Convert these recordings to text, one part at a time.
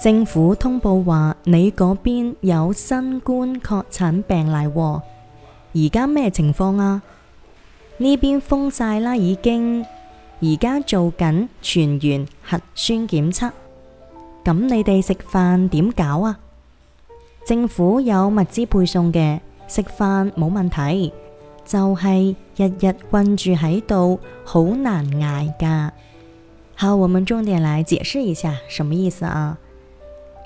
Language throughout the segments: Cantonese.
政府通報話你嗰邊有新冠確診病例喔，而家咩情況啊？呢邊封晒啦，已經而家做緊全員核酸檢測。咁你哋食飯點搞啊？政府有物資配送嘅，食飯冇問題，就係日日韞住喺度好難捱噶。好，我們重點來解釋一下什麼意思啊？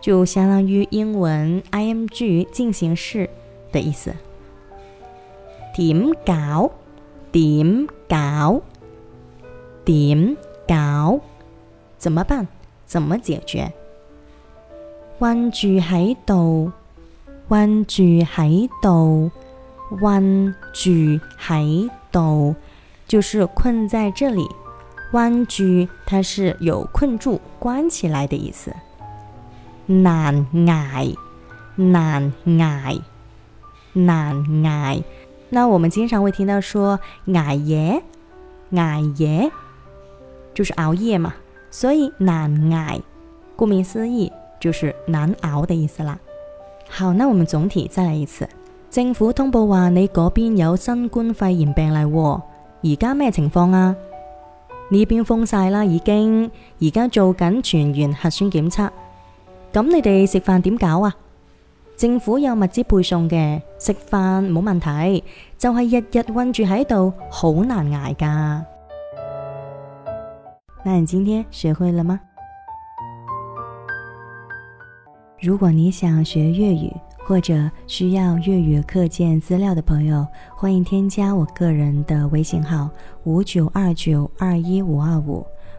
就相當於英文 ing 進行式的意思。點搞？點搞？點搞？怎麼辦？怎麼解決？韞住喺度，韞住喺度，韞住喺度，就是困在這裏。韞住它是有困住、關起來的意思。難捱，難捱，難捱。那我們經常會聽到說捱夜，捱夜，就是熬夜嘛。所以難捱，顧名思義就是難熬的意思啦。好，那我們總體再來一次。政府通報話你嗰邊有新冠肺炎病例喎，而家咩情況啊？呢邊封晒啦，已經而家做緊全員核酸檢測。咁你哋食飯點搞啊？政府有物資配送嘅，食飯冇問題，就係日日韫住喺度，好難捱噶。那你今天學會了嗎？如果你想學粵語或者需要粵語課件資料的朋友，歡迎添加我個人的微信號五九二九二一五二五。